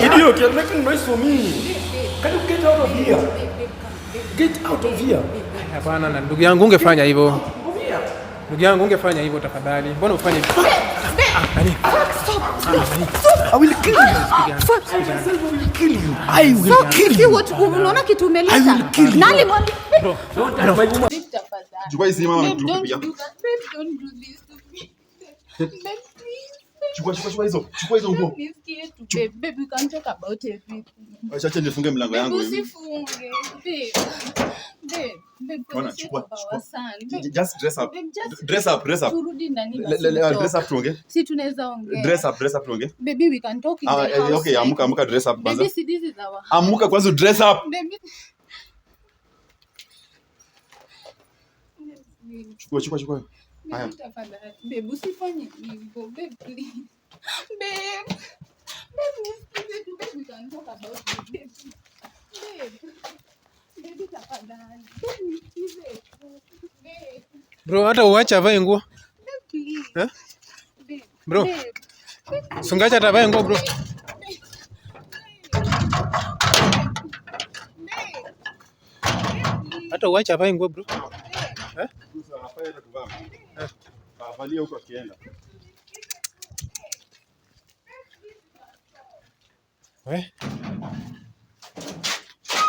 Idiot, you're making noise for me. Can you get out of here? Get out of here. Hapana, na ndugu yangu ungefanya hivyo. Ndugu yangu ungefanya hivyo tafadhali. Mbona ufanye hivyo? Ah, ah, I will kill you. I will kill you. Chukua chukua chukua hizo. Chukua hizo nguo. Acha acha nifunge mlango yangu. Usifunge. chukua chukua. Just dress up. Dress up, dress up. Turudi ndani. Dress up tuongee. Si tunaweza ongea. Dress up, dress up tuongee. Baby, we can talk in the house. Okay, amuka amuka dress up kwanza. Baby, this is our. Amuka kwanza dress up. Chukua chukua chukua. Bro, hata uache avae nguo. Eh? Bro. Sungacha atavae nguo bro. Hata uache avae nguo bro. Eh? avalie huko akienda. We. Eh?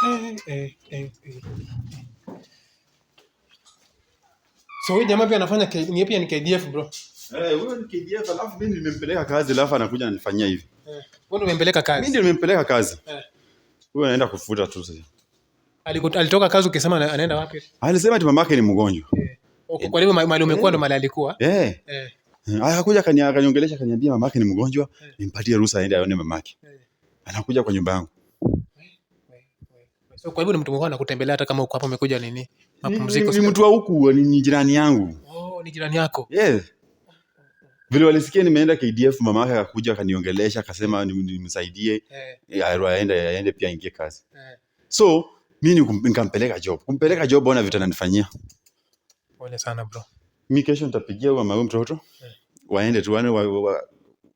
Eh, eh, eh, eh, eh. So huyu jamaa pia anafanya ni pia ni KDF bro. Eh, huyo ni KDF alafu mimi nimempeleka kazi alafu anakuja ananifanyia hivi. Eh. Wewe umempeleka kazi. Mimi ndio nimempeleka kazi. Eh. Huyo anaenda kufuta tu sasa. Alitoka kazi ukisema anaenda wapi? Alisema ati mamake ni mgonjwa. Eh. Kwa hivyo mali umekuwa ndo mali alikuwa. Eh. Eh. eh akakuja akaniongelesha akaniambia mamake ni mgonjwa, eh. nimpatie ruhusa aende aone mamake. Eh. Anakuja kwa nyumba yangu. So kwa hivyo ni mtu mkubwa anakutembelea hata kama uko hapa umekuja nini? Mapumziko. Ni mtu wa huku, ni jirani yangu. Oh, ni jirani yako. Yes. Vile walisikia nimeenda KDF, mama yake akakuja akaniongelesha akasema nimsaidie aende aende pia ingie kazi. So mimi nikampeleka job. Kumpeleka job, ona vitu ananifanyia. Pole sana bro. Mi kesho nitapigia huyo mama mtoto yeah. Waende tu wane wabaki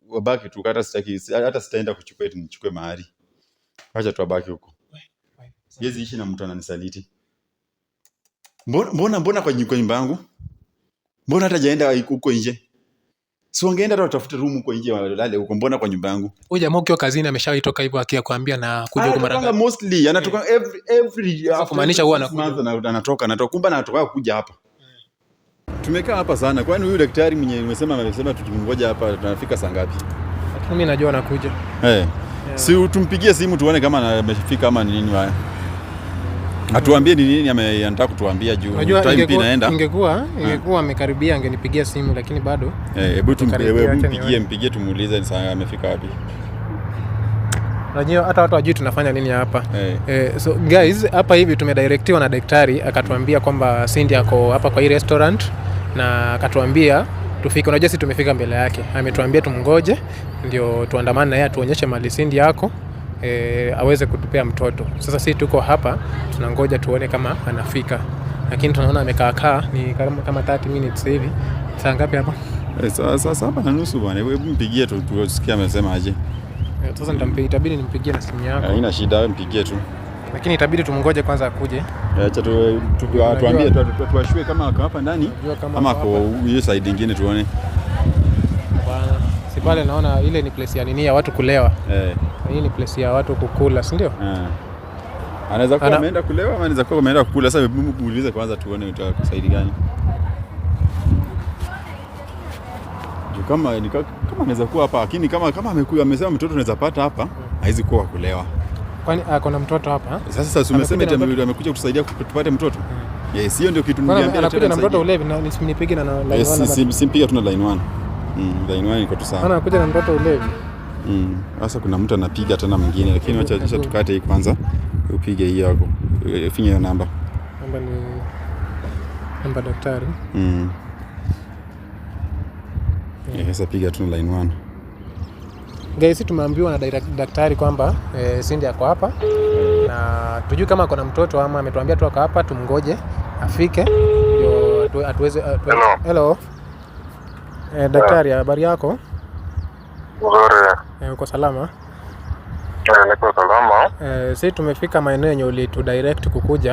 wa, wa tu hata sitaki hata sitaenda kuchukua eti nichukue mahari. Acha tu wabaki huko. Siwezi ishi na mtu ananisaliti. Mbona mbona kwa nyumba yangu? Mbona hata jaenda huko nje? Si wangeenda hata watafute room huko nje walale huko, mbona kwa nyumba yangu? Huyu jamaa ukiwa kazini ameshaitoka hivyo akikwambia na kuja huko mara ngapi? Mostly anatoka eh. every every kumaanisha huwa anakuja. Anatoka anatoka kumbe anatoka kuja hapa. Tumekaa hapa sana. Kwani huyu daktari mwenye umesema amesema tukimngoja hapa tunafika saa ngapi? Mimi najua anakuja. Eh. Hey. Yeah. Si tumpigie simu tuone kama amefika ama nini waya. Atuambie ni nini anataka kutuambia juu time pia inaenda. Ingekuwa eh. ingekuwa amekaribia angenipigia simu lakini bado. Eh, hebu tumpigie mpigie tumuulize amefika wapi. Najua hata watu wajui tunafanya nini hapa hey. Eh. eh, so guys, hapa hivi tumedirektiwa na daktari akatuambia kwamba sindi ako hapa kwa hii restaurant na akatuambia tufike. Unajua si tumefika mbele yake, ametuambia tumngoje ndio tuandamane naye atuonyeshe mali sindi yako E, eh, aweze kutupea mtoto. Sasa sisi tuko hapa tunangoja tuone kama anafika, lakini tunaona amekaakaa ni kama 30 minutes hivi. Saa ngapi hapa? Eh, Sasa hapa na nusu bwana, hebu mpigie tu tusikie amesema aje. Eh, sasa itabidi nimpigie na simu yako. Haina shida, wewe mpigie tu. Lakini itabidi tumngoje kwanza akuje. Eh, acha tu eh, ah, tuambie tuwashue kama ako hapa ndani ama kwa hiyo side nyingine tuone. Bwana, si pale naona ile ni place ya nini ya watu kulewa. Eh. Hii ni place ya watu kukula, si ndio? Eh. Anaweza kuwa ameenda kulewa ama anaweza kuwa ameenda kukula. Sasa muulize kwanza tuone utakusaidia gani kama kama anaweza kuwa hapa lakini kama, kama amekuwa amesema mtoto anaweza pata hapa haizi kuwa kulewa. Kwani ah, kuna mtoto hapa? Sasa sasa umesema eti amekuja kutusaidia kupata mtoto. Hmm. Yes, hiyo ndio kitu niambia. Hmm, anakuja na mtoto ulevi na nisimnipige na line 1. Yes, simpige tuna line 1. Mm, line 1 iko tu sana Anakuja na mtoto ulevi. Mm, sasa kuna mtu anapiga tena mwingine lakini acha acha tukate hii kwanza. Upige hii hapo. Eh, finya hiyo namba. Namba ni namba daktari. Mm. Sasa piga tu line 1. Guys, tumeambiwa na daktari kwamba e, Cindy ako hapa na tujui kama kuna mtoto ama ametuambia tu ako hapa, tumngoje afike ndio atuweze. atu, Hello. Eh, daktari, habari yako? Nzuri. Eh, uko salama? Eh, niko salama. Eh, si tumefika maeneo yenye ulitu direct kukuja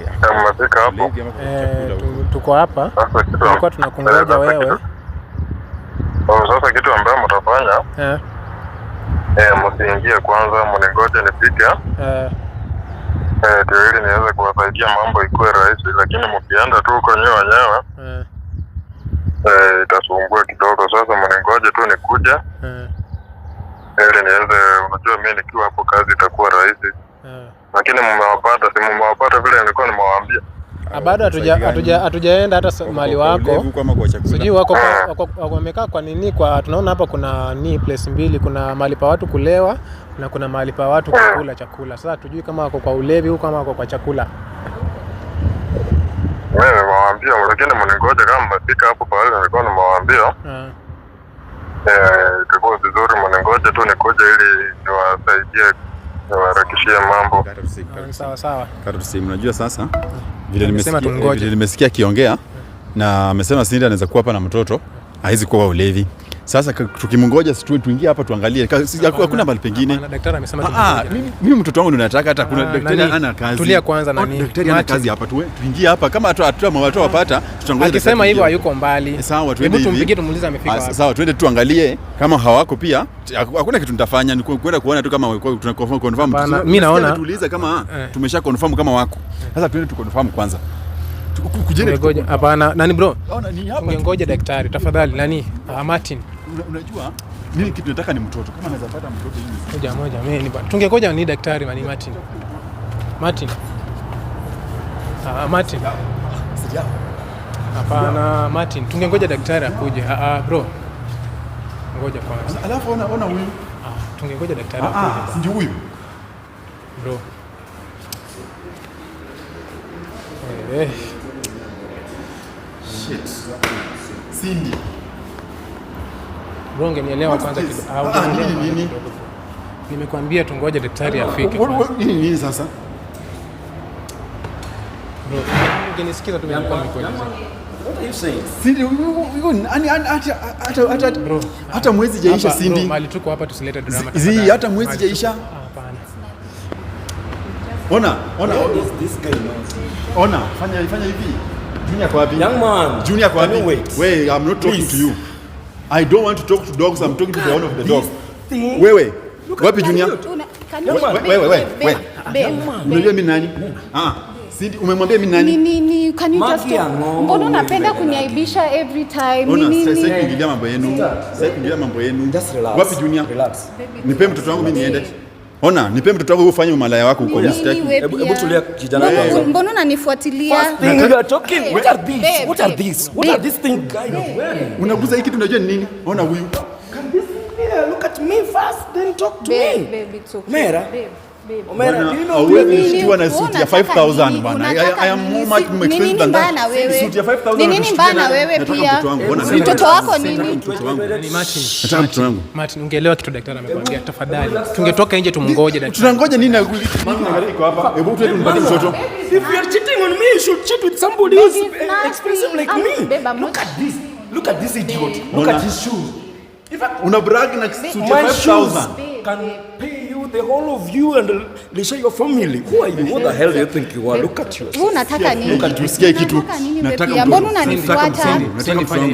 yeah. Tumefika hapo. Eh, tuko hapa. Tulikuwa tunakungoja eh, wewe kitu ambayo mtafanya yeah. E, eh, msiingie kwanza, mningoje nipike yeah. E, eh, ndio ili niweze kuwasaidia mambo ikuwe rahisi, lakini mkienda tu huko nyewe wenyewe yeah. E, eh, itasumbua kidogo. Sasa mningoje tu nikuje yeah. Ili niweze, unajua mi nikiwa hapo kazi itakuwa rahisi yeah. Lakini mmewapata, si mmewapata vile nilikuwa nimewaambia Ah, bado hatujaenda hata mahali wako, sijui wako wamekaa kwa nini. Kwa tunaona hapa kuna ni place mbili, kuna mahali pa watu kulewa na kuna mahali pa watu kukula chakula. Sasa tujui kama wako kwa ulevi huko kama wako kwa chakula. Mimi nimewaambia, lakini mningoja kama mnafika hapo pale, nilikuwa nimewaambia ah. eh, itakuwa vizuri, mningoja tu nikuja ili niwasaidie niwaharakishie mambo. Ah, sawa sawa, unajua sasa vile nimesikia akiongea na amesema sindi anaweza kuwa hapa na mtoto haizi kuwa ulevi sasa tukimngoja tuingie hapa tuangalie, hakuna mahali pengine. Ah, ah, mimi mtoto wangu nataka hata kuna ah, daktari ana kazi, tulia kwanza, na nini daktari ana kazi hapa, tuingie hapa kama atawapata, tutangoja. Akisema hivyo hayuko mbali, eh, sawa, twende hivi, tumpigie tumuulize amefika wapi. Sawa, twende tuangalie, kama hawako pia hakuna kitu nitafanya, ni kwenda kuona tu kama tuna confirm. Mimi naona tuuliza kama eh. tumesha confirm kama wako. Sasa twende tu confirm kwanza. Hapana, nani bro, ungengoja daktari tafadhali, nani Ah, Martin unajua mimi kitu nataka ni mtoto, kama naweza pata mtoto hivi moja moja. Mimi tungekoja ni daktari mani Martin Martin ah, ah Martin hapana, Martin tungengoja daktari akuje. Ah, ah, bro, ngoja kwanza, alafu ona ona huyu ah, tungengoja daktari ah, akuje. Ndio huyu bro. Eh, eh. shit, Cindy wewe ungenielewa kwanza ah, kidogo. Ah, nini nini? Nimekwambia tungoje daktari afike. Nini nini sasa? Bro, ungenisikiza tu mimi nilikuwa hata mwezi jaisha Sindi, hapa mali tuko tusilete drama zi hata mwezi jaisha. Ah, hapana Ona, ona, ona, fanya fanya hivi. Junior kwa wapi? Young man. Junior kwa wapi? Wait, I'm not talking to you. I don't want to talk to dogs, I'm talking to the owner of the dog. Wewe, wapi Junior? Wewe, wewe, wewe. Unajua mimi nani? Ah. Sidi, umemwambia mimi nani? Ni ni ni can you just Mbona unapenda kuniaibisha every time? Ni ni. ni. Sasa kuingilia mambo yenu. Sasa kuingilia mambo yenu. Just relax. Wapi Junior? Relax. Nipe mtoto wangu mimi niende. Ona, nipe mtoto wako ufanye umalaya wako huko. Hebu tulia kijana kwanza. Mbona unanifuatilia? Unaguza hiki tunajua ni nini? Ona huyu. Can this be? Look at me first then talk to me. Mera na suti ya wako nini? Ni ungeelewa kitu nje tumngoje daktari you, the whole of you and lisha your family. Who are you? What the hell do you think you are? Look at you. Unataka nini? Look at you. Sikia kitu. Nataka nini mbona unanifuata?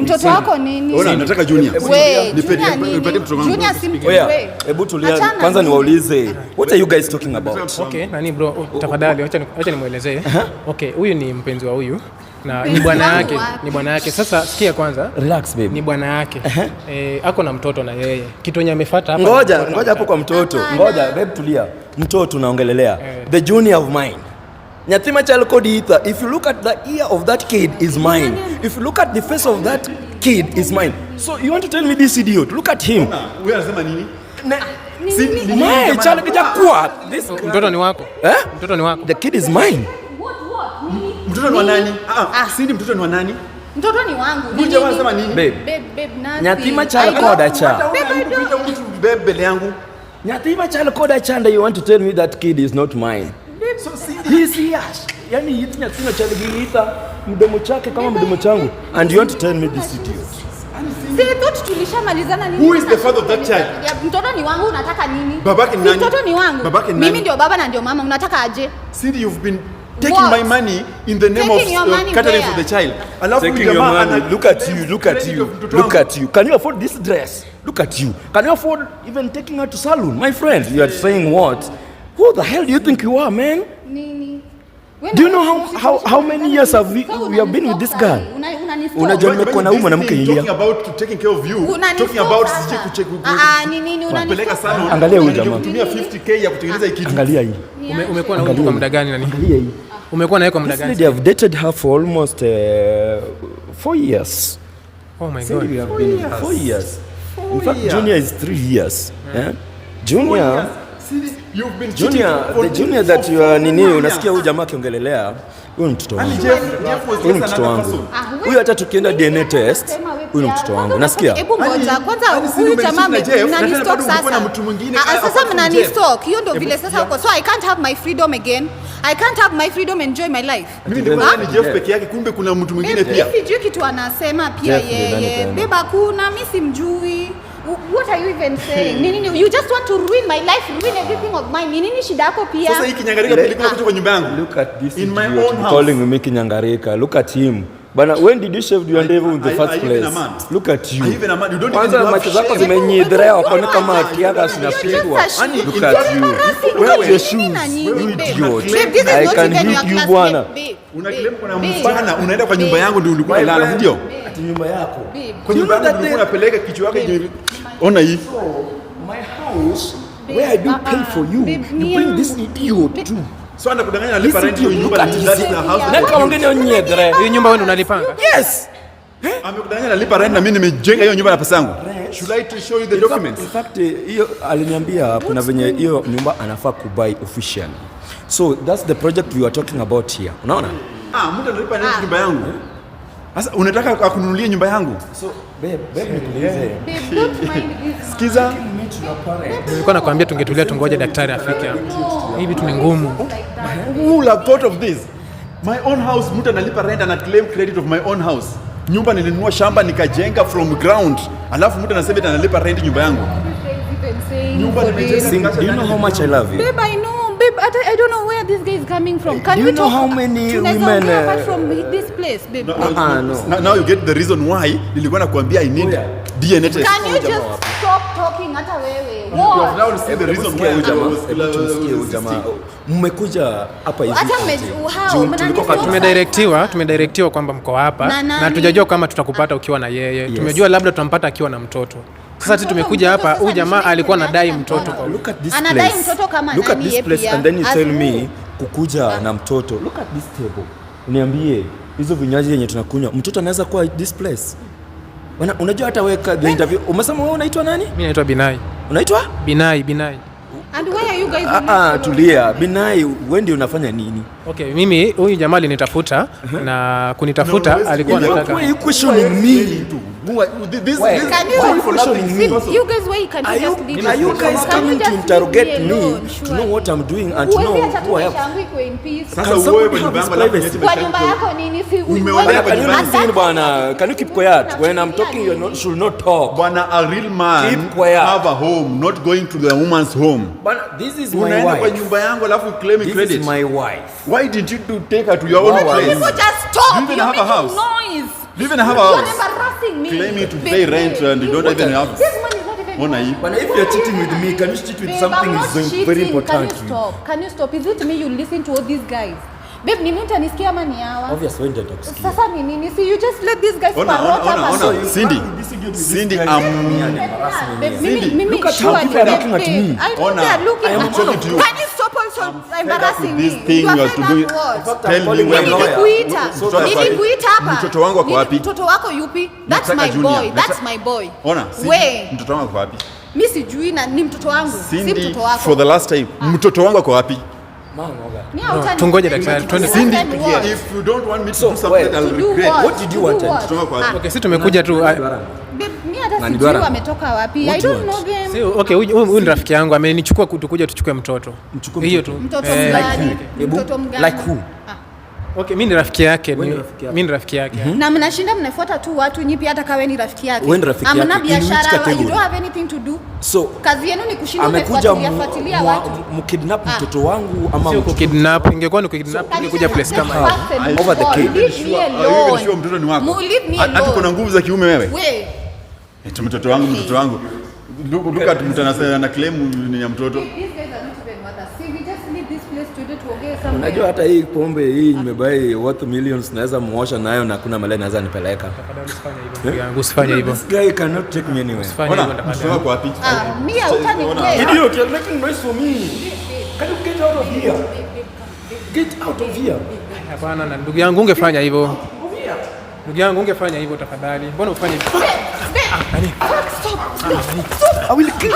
Mtoto wako nini? Ona nataka junior. Wewe, nipatie mtoto wangu. Junior si mtu wewe. Hebu tulia kwanza niwaulize. What are you guys talking about? Okay, nani bro? Oh, tafadhali acha acha nimuelezee. Okay, huyu ni mpenzi wa huyu na ni bwana yake, ni bwana yake. Sasa sikia kwanza, relax baby, ni bwana yake eh, ako na mtoto na yeye, kitu yenye amefuata hapa. Ngoja ngoja hapo kwa mtoto, ngoja babe, tulia. Mtoto naongelelea eh. the junior of mine Nyatima cha code ether. If you look at the ear of that kid is mine. If you look at the face of that kid is mine. So you want to tell me this idiot, look at him. Wewe unasema nini? Mtoto ni wako. Eh? Mtoto ni wako. The kid is mine mtoto ni wa nani? Ah, ah. ah. Sidi mtoto ni wa nani? Mtoto ni wangu. Nini? Wanasema nini? Babe. Babe, babe, Nyatima child koda cha. Babe, mbele yangu. Nyatima child koda cha and you want to tell me that kid is not mine. So Sidi. He is yours. Yaani hii nyatima child giita mdomo chake kama mdomo changu and you want to tell me this idiot. Sisi tulishamalizana nini? Who is the father of that child? Ya mtoto ni wangu unataka nini? Babake ni nani? Mtoto ni wangu. Mimi ndio baba na ndio mama unataka aje? Sidi, you've been taking what? my money in the name taking of uh, catering for the child. Alafu taking your money. Look at you, look at you, look at you. Can you afford this dress? Look at you. Can you afford even taking her to salon? My friend, you are saying what? Who the hell do you think you are, man? Nini. Do you know how how how many years have we we have been with this girl? Unajua nimekuwa na huyu mwanamke hilia. Talking about taking care of you. Talking about sije kucheck huko. Ah, ah, ni nini unanipeleka sana. Angalia huyu jamaa. Tumia 50k ya kutengeneza hiki kitu. Angalia hii. Umekuwa na huyu kwa muda gani na nini? Angalia hii. Umekuwa na yeye kwa muda gani? They have dated her for almost uh, years. Oh my god. 4 years. 4 years. In fact, Junior is 3 years. Yeah. Eh? Junior You've junior, that you are nini, unasikia huyu jamaa akiongelelea huyu ni mtoto wangu, huyu ni mtoto wangu, ah, huyu hata tukienda DNA test, huyu ni mtoto wangu. Nasikia hebu ngoja kwanza, huyu jamaa mnani stalk sasa, ah, sasa mnani stalk. Hiyo ndio vile sasa uko, so I can't have my freedom again, I can't have my freedom enjoy my life. Mimi ndio ni Jeff peke yake, kumbe kuna mtu mwingine pia. Sijui kitu anasema pia yeye, beba kuna mimi simjui what are you even saying hmm. ni nini you just want to ruin my life ruin everything of mine ni nini shida yako pia sasa hii kinyangarika kilikuwa kitu ah. kwa nyumba yangu look at this in my own house calling me kinyangarika look at him Bana, when did you shave your endeavor in the first place? Look at you. Even a man, you don't even Kwanza macho zako zimenyidhrea kwaona kama akiaga sinapigwa. Look at you. Where are your shoes. You idiot. I can hit you bwana. Una kuna mfana, unaenda kwa nyumba yangu ndio ulikuwa unalala, ndio? Ati nyumba yako. Kwa nyumba yangu ulikuwa unapeleka kichwa yako ona hii where I do pay for you you bring this idiot e So rent hiyo nyumba the house. Na kama ungeni hiyo nyumba wewe unalipanga? Yes. Amekudanganya rent na mimi nimejenga hiyo nyumba na pesa yangu. Should I to show you the documents? In fact, eh, hiyo aliniambia kuna venye hiyo nyumba anafaa kubai officially. So that's the project we are talking about here. Unaona? Ah, mtu analipa rent ah. nyumba yangu. Eh? Sasa unataka akununulie nyumba yangu? So Sikiza, nilikuwa nakwambia tungetulia tungoja daktari afike hapa. Hii vitu ni ngumu. My own house, mtu analipa rent ana claim credit of my own house. Nyumba nilinunua shamba nikajenga from ground. Alafu mtu anasema analipa rent nyumba yangu. Nyumba nimejenga. Do you know how much I love you? Babe, I know babe, I, I don't know where this guy is coming from. Can you you know talk? how many women uh, from this place, babe? No, uh, uh, no. Uh-uh, now, now you get the reason why nilikuwa nakwambia I need oh, yeah. DNA test. Can you just stop talking hata wewe? What? Now you see the reason why huyu uh, jamaa mmekuja hapa hivi. Hata tumedirectiwa, tumedirectiwa kwamba mko hapa na tujajua kama tutakupata ukiwa na yeye. Tumejua labda tutampata akiwa na mtoto. Sasa tu tumekuja hapa, huyu jamaa alikuwa anadai mtoto. Look at this place. Look at this place and then you tell me kukuja na mtoto. Look at this table. Niambie hizo vinywaji yenye tunakunywa mtoto anaweza kuwa this place? Wana, unajua hata weka the interview umesema wewe unaitwa nani? Mimi naitwa Binai. Unaitwa? Binai, Binai. And where are you guys? Ah, ah tulia. Binai, wewe ndio unafanya nini? Okay, mimi huyu jamaa alinitafuta uh-huh. na kunitafuta alikuwa anataka. Question ni mimi tu. Who are you? This, where? this, can you, question me. You guys, why you can are you, just leave Are you guys coming to interrogate me, alone, me sure. to know what I'm doing and to know who I am? Sasa wewe kwenye bamba la privacy. Kwa nyumba yako nini si umeweka kwenye bamba? Bwana, can you keep quiet? When I'm talking you not, should not talk. Bwana, a real man keep quiet. have a home, not going to the woman's home. Bwana, this is my wife. Unaenda kwa nyumba yangu alafu claim credit. This is my wife. Why did you do take her to your own place? You just talk. You even have a house. Noise even have a house. You're embarrassing me. Claiming to pay rent and you don't even have. This money is not even. Mona, if you're cheating with me, can you cheat with Babe, something is cheating. very important? Can you stop? Can you stop? Is it me you listen to all these guys? Babe, ni mimi utanisikia ama ni hawa? Obvious wewe ndio utakusikia. Sasa ni nini? See you just let these guys ona, parrot ona, ona, ona. Cindy. Cindy, I'm um, Babe, look at how people are looking at me. I'm not they looking at you. Can you Nilikuita Mtoto wangu ako wapi? Mtoto wako yupi? That's my boy. That's my boy. Ona, mtoto wangu ako wapi? Mimi sijui na ni mtoto wangu, si mtoto wako. For the last time, ah. mtoto wangu ako wapi? Tungoje daktari, twende. Cindy, if you don't want me to do something I'll regret. What did you want? Okay, sisi tumekuja tu huyu ni rafiki yangu amenichukua tukuja tuchukue mtoto. hiyo tu. Eh, ah. Okay, mi ni rafiki yake. mi ni rafiki yake. Mhm. Na mnashinda mnafuata tu watu nyipi hata kawe ni rafiki yake. Amna biashara, So, kazi yenu ni kushinda watu. Mkidnap ah. mtoto wangu ama sio kukidnap, ingekuwa ni kukidnap ingekuja place kama Over the cage. Mtoto ni wako. Ah, hata kuna nguvu za kiume wewe. Wewe. Eti mtoto wangu, mtoto wangu. Look, look at mtu anasema na claim ni ya mtoto. Unajua hata hii pombe hii nimebai worth millions naweza muosha nayo na kuna mahali naweza nipeleka. Usifanye hivyo. This guy cannot take me anywhere. Ona, usifanye kwa pitch. Mimi hutanikwenda. Idiot, you're making noise for me. Can you get out of here? Get out of here. Hapana, na ndugu yangu ungefanya hivyo. Ah. Ndugu yangu ungefanya hivyo tafadhali. Mbona ufanye hivyo? Ah, ah, ah, I will kill you.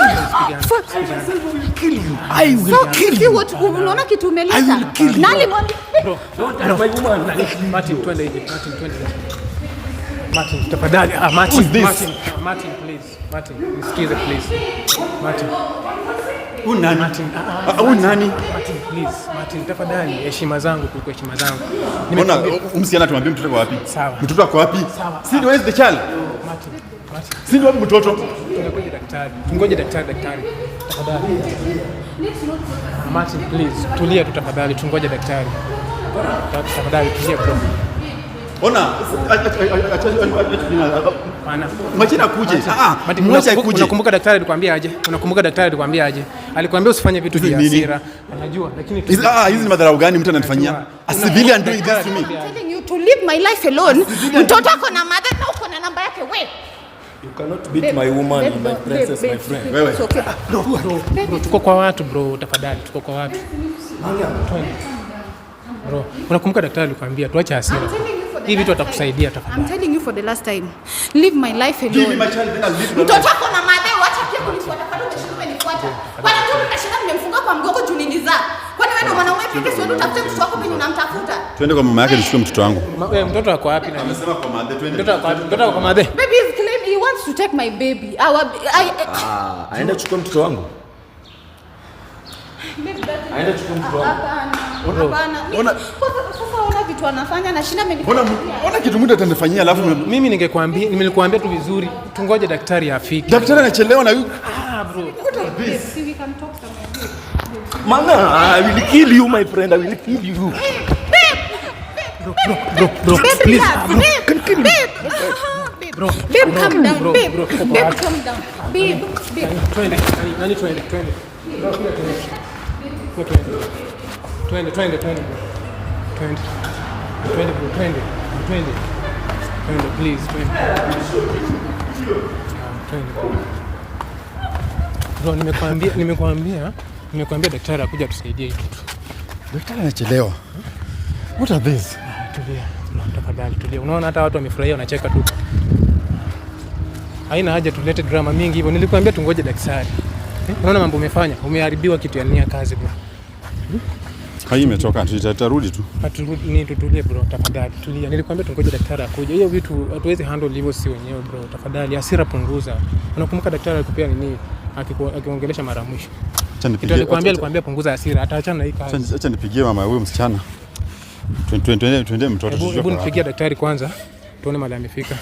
I will kill you. Unaona kitu umeleta. Nani twende hivi. twende Martin, Martin, Martin, Martin please. Martin, please. Martin. Huyu nani? Huyu ah, ah, ah, nani? Martin, please. Martin, tafadhali heshima zangu kuliko heshima zangu. Mbona umsiana tumwambie mtoto wapi? Sawa. Mtoto wako wapi? Si ndio the child? Martin. Martin. Si ndio mtoto? Tungoje daktari. Tungoje daktari daktari. Tafadhali. Martin, please. Tulia tu tafadhali, tungoje daktari. Tafadhali tulia bro. Ona, acha acha acha acha Mwachina kuje. kuje. Unakumbuka daktari alikwambia aje? Unakumbuka daktari alikwambia aje? Alikwambia usifanye vitu vya hasira. Anajua lakini ah, hizi ni madharau gani mtu ananifanyia? A civilian doing this to me. Telling you to leave my life alone. Mtoto ako na mother na uko na namba yake wewe. You cannot beat my woman and my princess, my friend. Wewe. Ah, no, bro, bro, tuko kwa watu bro, tafadhali tuko kwa watu. Bro, unakumbuka daktari alikwambia tuache hasira. Hii vitu atakusaidia tafadhali. I'm telling you for the last time. my life Mtoto wako na madai pia kunifuata kwa nimemfunga kwa niliza. wewe ndio mwanaume pekee sio mtoto wako unamtafuta. Twende kwa mama yake eh. nichukue mtoto wangu. Wewe eh, mtoto wako wapi na? Amesema kwa madai twende. Mtoto wako wapi? Mtoto wako kwa madai. Baby is claim he wants to take my baby. ah, ah aenda chukua mtoto wangu. aenda chukua mtoto wangu. Ah, hapana. Hapana kitu anafanya na shida amenifanyia. Ona kitu mtu atanifanyia alafu mimi ningekwambia nimelikwambia tu vizuri tungoje daktari afike. Daktari anachelewa na yuko. Ah bro. What We can talk some Mana, I will kill you my friend. I will kill you. Bro, bro, bro, bro. Please, bro. Bro, calm down, bro, Bro, calm down twende twende twende twende please twende twende bro nimekwambia nimekwambia nimekwambia daktari akuja tusaidie hii kitu daktari anachelewa what are this tulia No, tafadhali tulia unaona hata watu wamefurahia wanacheka tu haina haja tulete drama mingi hivyo nilikwambia tungoje daktari unaona mambo umefanya umeharibiwa kitu ya nia kazi bro Hai imetoka tutarudi tu. ni tutulie bro, tafadhali tulia. Nilikwambia tungoje daktari akuje. Hiyo vitu hatuwezi handle hivyo si wenyewe bro, tafadhali hasira punguza. Unakumbuka daktari alikupea nini? Akiongelesha mara mwisho. Acha nipigie. Nilikwambia alikwambia punguza hasira. Ataachana na hii kazi. Acha nipigie mama huyo msichana. Twende twende mtoto. Hebu nipigie daktari kwanza. Tuone mali amefika.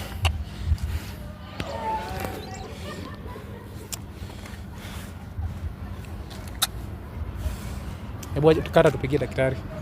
Hebu kata tupigie daktari.